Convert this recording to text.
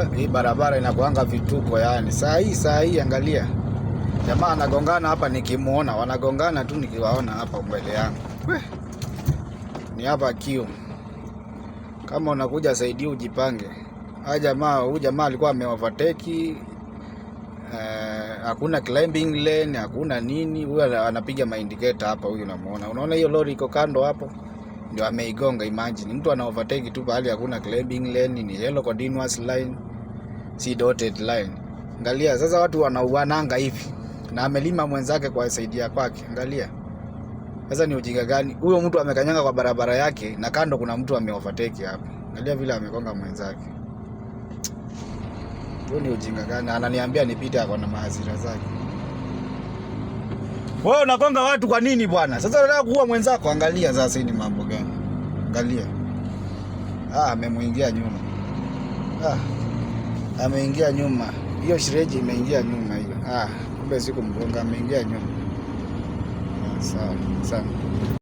Eh, hii barabara inakuanga vituko yani. Saa hii saa hii angalia, jamaa anagongana hapa, nikimuona wanagongana tu nikiwaona hapa mbele yangu. Ni hapa kiu, kama unakuja saidia, ujipange. Haya jamaa, huyu jamaa alikuwa ameovertake eh, hakuna climbing lane hakuna nini. Huyu anapiga maindiketa hapa, huyu unamuona, unaona hiyo lori iko kando hapo, ndio ameigonga. Imagine mtu ana overtake tu pahali hakuna climbing lane, ni yellow continuous line si dotted line. Angalia sasa, watu wanauananga hivi na amelima mwenzake kwa saidia kwake. Angalia sasa, ni ujinga gani huyo? Mtu amekanyanga kwa barabara yake na kando kuna mtu ameovertake hapo. Angalia vile amekonga mwenzake, huyo ni ujinga gani? Ananiambia nipite, ako na mahasira zake. Wewe unakonga watu kwa nini bwana? Sasa unataka kuua mwenzako? Angalia sasa, hii ni mambo gani? Angalia, ah, amemuingia nyuma ah ameingia nyuma, hiyo shireji imeingia nyuma hiyo. Ah, kumbe siku mgonga, ameingia nyuma. Ah, sawa sana.